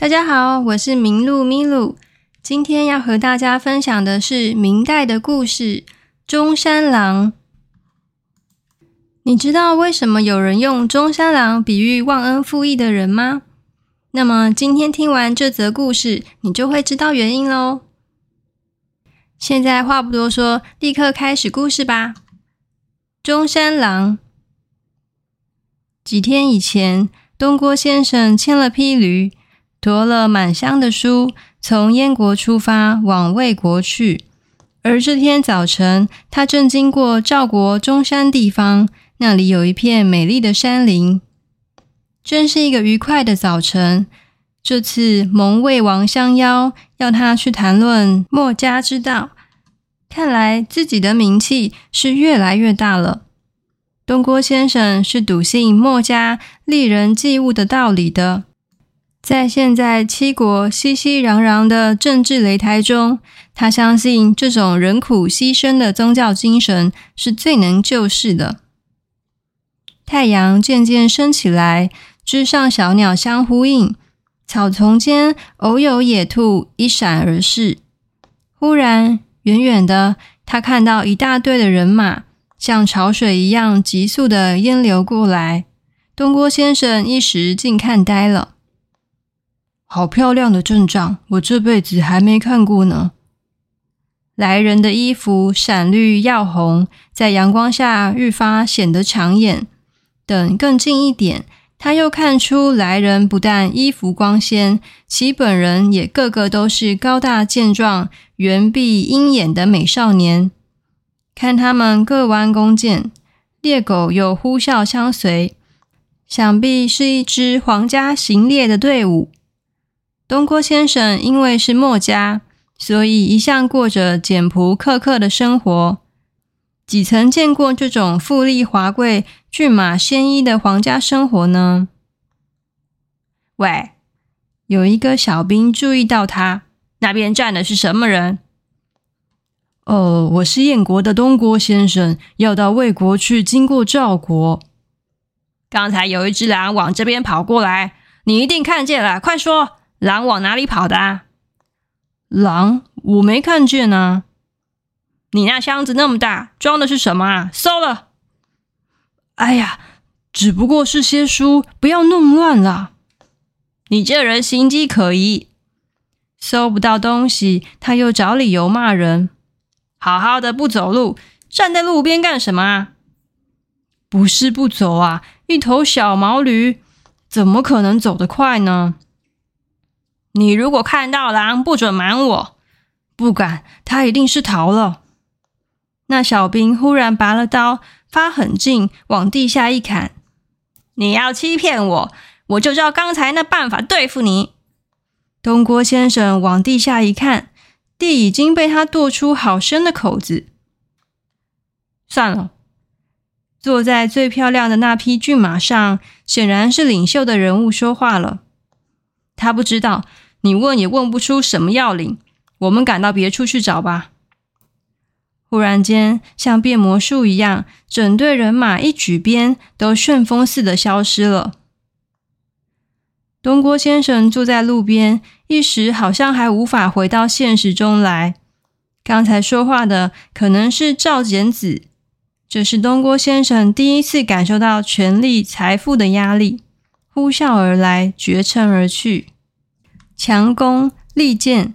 大家好，我是明露咪 i 今天要和大家分享的是明代的故事——中山狼。你知道為什麼有人用中山狼比喻忘恩負義的人嗎？那麼今天聽完這則故事，你就會知道原因嘍。現在話不多說，立刻開始故事吧。中山狼幾天以前，東郭先生牽了匹驢。馱了滿箱的書，從燕國出發往魏國去。而這天早晨，他正經過趙國中山地方，那裡有一片美麗的山林，真是一個愉快的早晨。這次蒙魏王相邀，要他去談論墨家之道，看來自己的名氣是越來越大了。東郭先生是篤信墨家利人濟物的道理的。在現在七國熙熙攘攘的政治擂台中，他相信這種忍苦犧牲的宗教精神是最能救世的。太陽漸漸升起來，枝上小鳥相呼應，草叢間偶有野兔一閃而逝。忽然，遠遠的他看到一大隊的人馬像潮水一樣急速的淹流過來。東郭先生一時竟看呆了。好漂亮的陣仗，我這輩子還沒看過呢。來人的衣服閃綠耀紅，在陽光下愈發顯得搶眼。等更近一點，他又看出來人不但衣服光鮮，其本人也個個都是高大健壯、圓臂鷹眼的美少年。看他們各彎弓箭，獵狗又呼嘯相隨，想必是一支皇家行獵的隊伍。東郭先生因為是墨家，所以一向過着簡樸苛刻的生活。幾曾見過這種富麗華貴、駿馬鮮衣的皇家生活呢？喂，有一個小兵注意到他，那邊站的是什麼人？哦，我是燕國的東郭先生，要到魏國去，經過趙國。剛才有一只狼往這邊跑過來，你一定看見了，快說！狼往哪裡跑的啊？狼，我沒看見呢、啊。你那箱子那麼大，裝的是什麼啊？搜了。哎呀，只不過是些書，不要弄亂了。你這人行跡可疑。搜不到東西，他又找理由罵人。好好的不走路，站在路邊幹什麼啊？不是不走啊，一頭小毛驢怎麼可能走得快呢？你如果看到狼，不准瞞我。不敢，他一定是逃了。那小兵忽然拔了刀，發狠勁往地下一砍。你要欺騙我，我就照剛才那辦法對付你。東郭先生往地下一看，地已經被他剁出好深的口子。算了，坐在最漂亮的那匹駿馬上，顯然是領袖的人物說話了。他不知道。你問也問不出什麼要領，我們趕到別處去找吧。忽然間，像變魔術一樣，整隊人馬一舉鞭，都旋風似的消失了。東郭先生坐在路邊，一時好像還無法回到現實中來。剛才說話的可能是趙簡子。這是東郭先生第一次感受到權力、財富的壓力，呼嘯而來，絕塵而去。強弓利箭，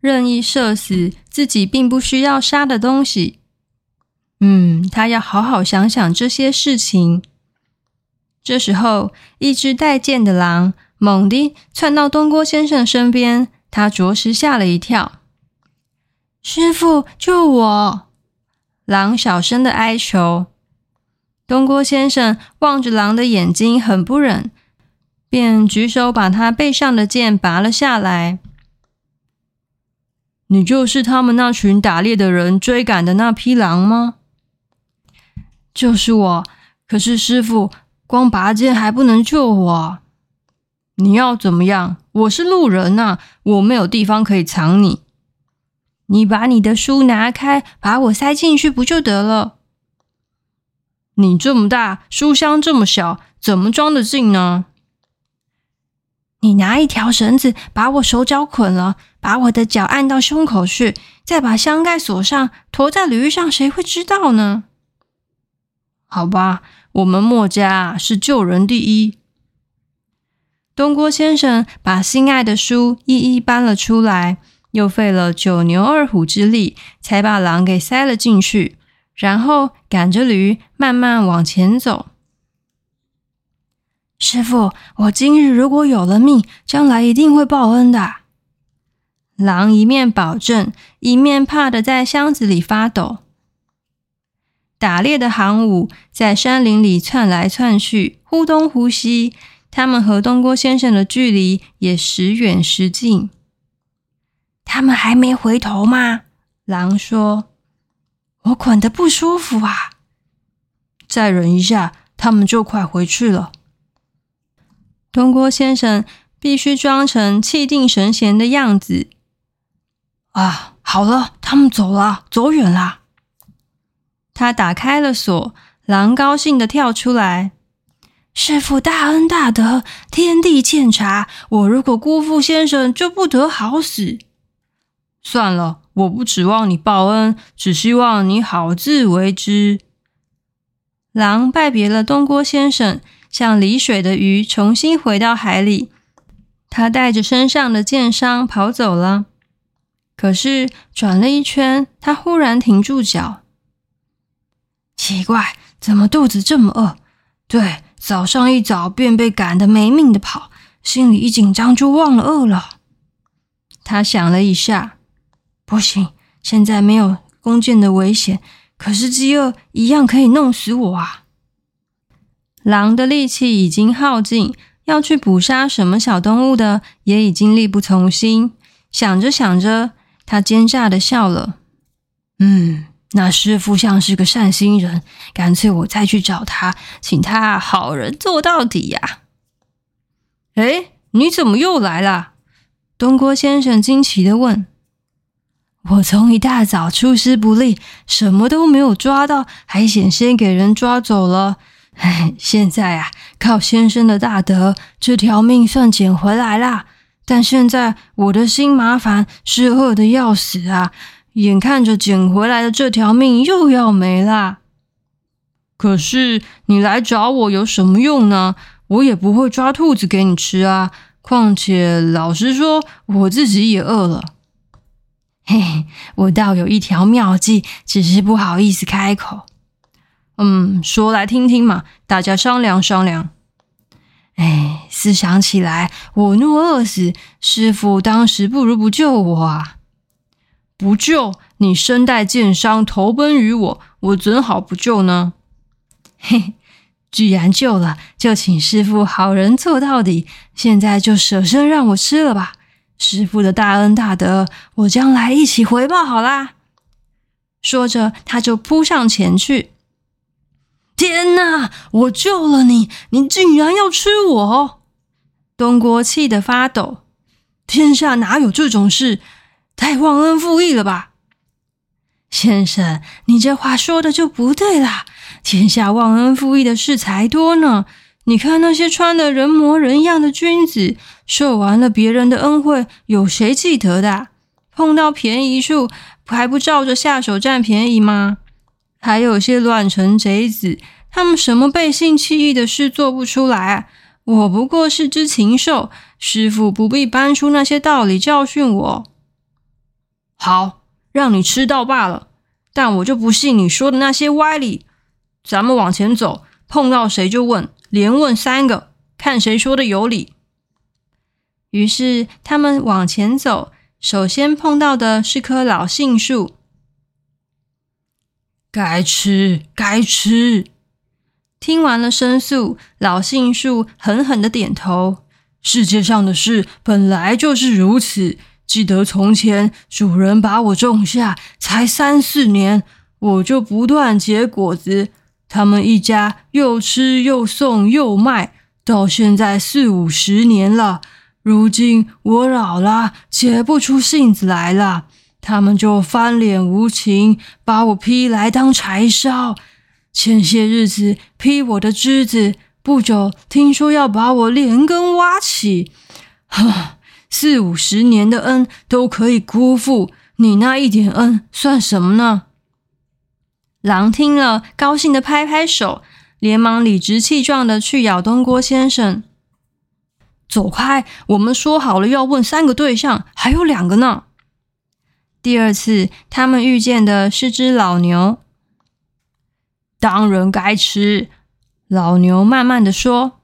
任意射死自己並不需要殺的東西。嗯，他要好好想想這些事情。這時候，一只帶箭的狼猛地竄到東郭先生身邊，他着實嚇了一跳。“師傅，救我！”狼小聲的哀求。東郭先生望着狼的眼睛，很不忍。便舉手把他背上的箭拔了下來。你就是他們那群打獵的人追趕的那匹狼嗎？就是我。可是師傅，光拔箭還不能救我。你要怎麼樣？我是路人吶、啊，我沒有地方可以藏你。你把你的書拿開，把我塞進去不就得了？你這麼大，書箱這麼小，怎麼裝得進呢？你拿一條繩子把我手腳捆了，把我的腳按到胸口去，再把箱蓋鎖上，馱在驢上，誰會知道呢？好吧，我們墨家是救人第一。東郭先生把心愛的書一一搬了出來，又費了九牛二虎之力，才把狼給塞了進去，然後趕着驢慢慢往前走。師傅，我今日如果有了命，將來一定會報恩的。狼一面保證，一面怕的在箱子裡發抖。打獵的行伍在山林裡竄來竄去，忽東忽西，他們和東郭先生的距離也時遠時近。他們還沒回頭嗎？狼說：“我捆得不舒服啊，再忍一下，他們就快回去了。”東郭先生必須裝成氣定神閒的樣子。啊，好了，他們走了，走遠了。他打開了鎖，狼高興地跳出來。師父大恩大德，天地鑑察。我如果辜負先生，就不得好死。算了，我不指望你報恩，只希望你好自為之。狼拜別了東郭先生。像離水的魚重新回到海裡，他帶着身上的箭傷跑走了。可是轉了一圈，他忽然停住腳。奇怪，怎麼肚子這麼餓？對，早上一早便被趕得沒命的跑，心裡一緊張就忘了餓了。他想了一下，不行，現在沒有弓箭的危險，可是飢餓一樣可以弄死我啊！狼的力氣已經耗盡，要去捕殺什麼小動物的也已經力不從心。想着想着，他奸詐地笑了：“嗯，那師傅像是個善心人，乾脆我再去找他，請他好人做到底呀。”哎，你怎麼又來了？東郭先生驚奇地問：“我從一大早出師不利，什麼都沒有抓到，還險些給人抓走了。”唉，現在啊，靠先生的大德，這條命算撿回來啦。但現在我的新麻煩是餓得要死啊，眼看着撿回來的這條命又要沒啦。可是你來找我有什麼用呢？我也不會抓兔子給你吃啊。況且老實說，我自己也餓了。嘿嘿，我倒有一條妙計，只是不好意思開口。嗯，說來聽聽嘛，大家商量商量。哎，思想起來，我若餓死，師傅當時不如不救我。啊。不救你身帶箭傷，投奔於我，我怎好不救呢？嘿，既然救了，就請師傅好人做到底。現在就舍身讓我吃了吧。師傅的大恩大德，我將來一起回報好啦。說着，他就撲上前去。天哪！我救了你，你竟然要吃我！東郭氣得發抖。天下哪有這種事？太忘恩負義了吧。先生，你這話說的就不對啦。天下忘恩負義的事才多呢。你看那些穿的人模人樣的君子，受完了別人的恩惠，有誰記得的？碰到便宜處，還不照着下手占便宜嗎？還有些亂臣賊子，他們什麼背信棄義的事做不出來啊！我不過是隻禽獸，師傅不必搬出那些道理教訓我。好，讓你吃到罷了，但我就不信你說的那些歪理。咱們往前走，碰到誰就問，連問三個，看誰說的有理。於是他們往前走，首先碰到的是棵老杏樹。該吃該吃！聽完了申訴，老杏樹狠狠地點頭。世界上的事本來就是如此。記得從前，主人把我種下，才三四年，我就不斷結果子。他們一家又吃又送又賣，到現在四五十年了。如今我老了，結不出杏子來了。他們就翻臉無情，把我劈來當柴燒。前些日子劈我的枝子，不久聽說要把我連根挖起。哈，四五十年的恩都可以辜負，你那一點恩算什麼呢？狼聽了，高興的拍拍手，連忙理直氣壯的去咬東郭先生。走開，我們說好了要問三個對象，還有兩個呢？第二次，他們遇見的是只老牛。當人該吃，老牛慢慢的說：“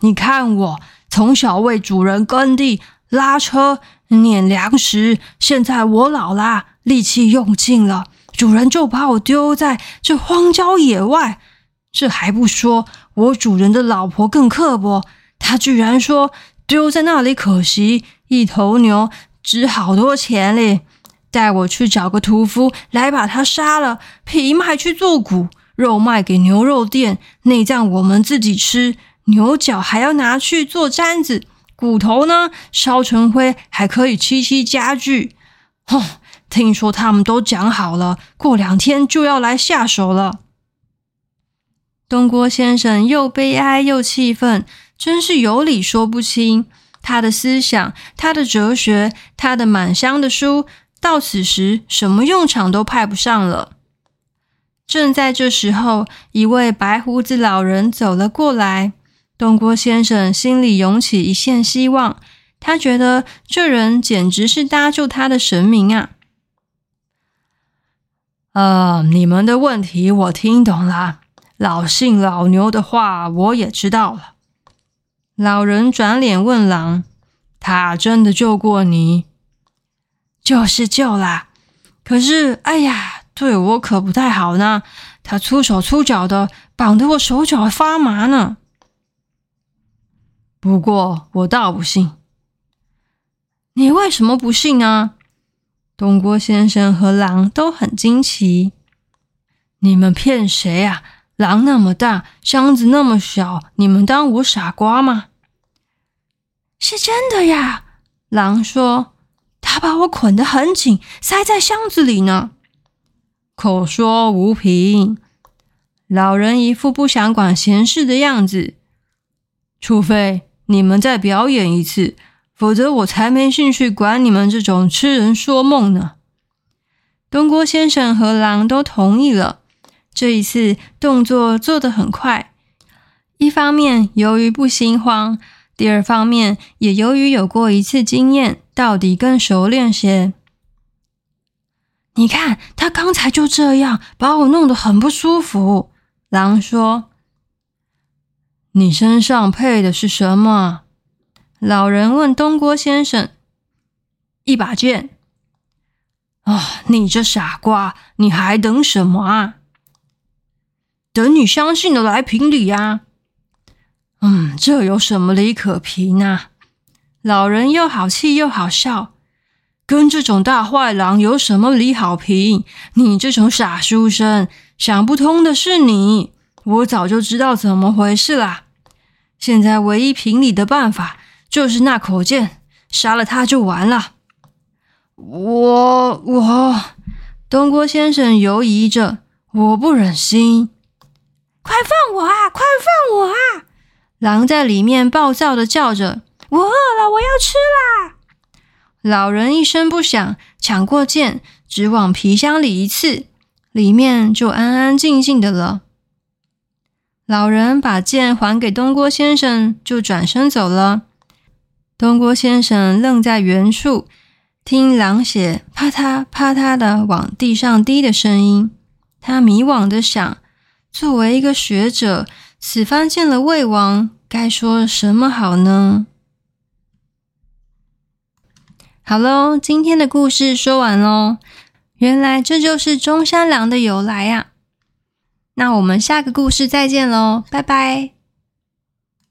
你看我從小為主人耕地、拉車、碾糧食，現在我老啦，力氣用盡了，主人就把我丟在這荒郊野外。這還不說，我主人的老婆更刻薄，她居然說丟在那裡可惜，一頭牛值好多錢哩。”帶我去找個屠夫來把他殺了，皮賣去做鼓，肉賣給牛肉店，內臟我們自己吃，牛角還要拿去做簪子，骨頭呢，燒成灰還可以漆漆家具。哼，聽說他們都講好了，過兩天就要來下手了。東郭先生又悲哀又氣憤，真是有理說不清。他的思想，他的哲學，他的滿箱的書。到此時，什麼用場都派不上了。正在這時候，一位白鬍子老人走了過來。東郭先生心裡湧起一線希望，他覺得這人簡直是搭救他的神明啊！呃，你們的問題我聽懂了，老杏老牛的話我也知道了。老人轉臉問狼：“他真的救過你？”就是救啦，可是，哎呀，對我可不太好呢。他粗手粗腳的，綁得我手腳發麻呢。不過，我倒不信。你為什麼不信呢，啊？東郭先生和狼都很驚奇。你們騙誰啊？狼那麼大，箱子那麼小，你們當我傻瓜嗎？是真的呀，狼說。他把我綑得很緊，塞在箱子裡呢。口說無憑，老人一副不想管閒事的樣子。除非你們再表演一次，否則我才沒興趣管你們這種痴人說夢呢。東郭先生和狼都同意了。這一次動作做得很快，一方面由於不心慌。第二方面，也由於有過一次經驗，到底更熟練些。你看，他剛才就這樣把我弄得很不舒服。狼說：“你身上配的是什麼？”老人問東郭先生：“一把劍。”哦，啊，你這傻瓜，你還等什麼啊？等你相信的來評理呀！嗯，這有什麼理可評啊？老人又好氣又好笑，跟這種大壞狼有什麼理好評？你這種傻書生想不通的是你，我早就知道怎麼回事啦。現在唯一評理的辦法就是那口劍，殺了他就完了。我我，東郭先生猶疑着，我不忍心，快放我啊！快放我啊！狼在裡面暴躁地叫着：“我餓了，我要吃啦！”老人一聲不響，搶過劍，只往皮箱裡一刺，裡面就安安靜靜的了。老人把劍還給東郭先生，就轉身走了。東郭先生愣在原處，聽狼血啪嗒啪嗒的往地上滴的聲音，他迷惘地想：作為一個學者，此番見了魏王。該說什麼好呢？好嘍，今天的故事說完嘍。原來這就是中山狼的由來呀。那我們下個故事再見嘍，拜拜。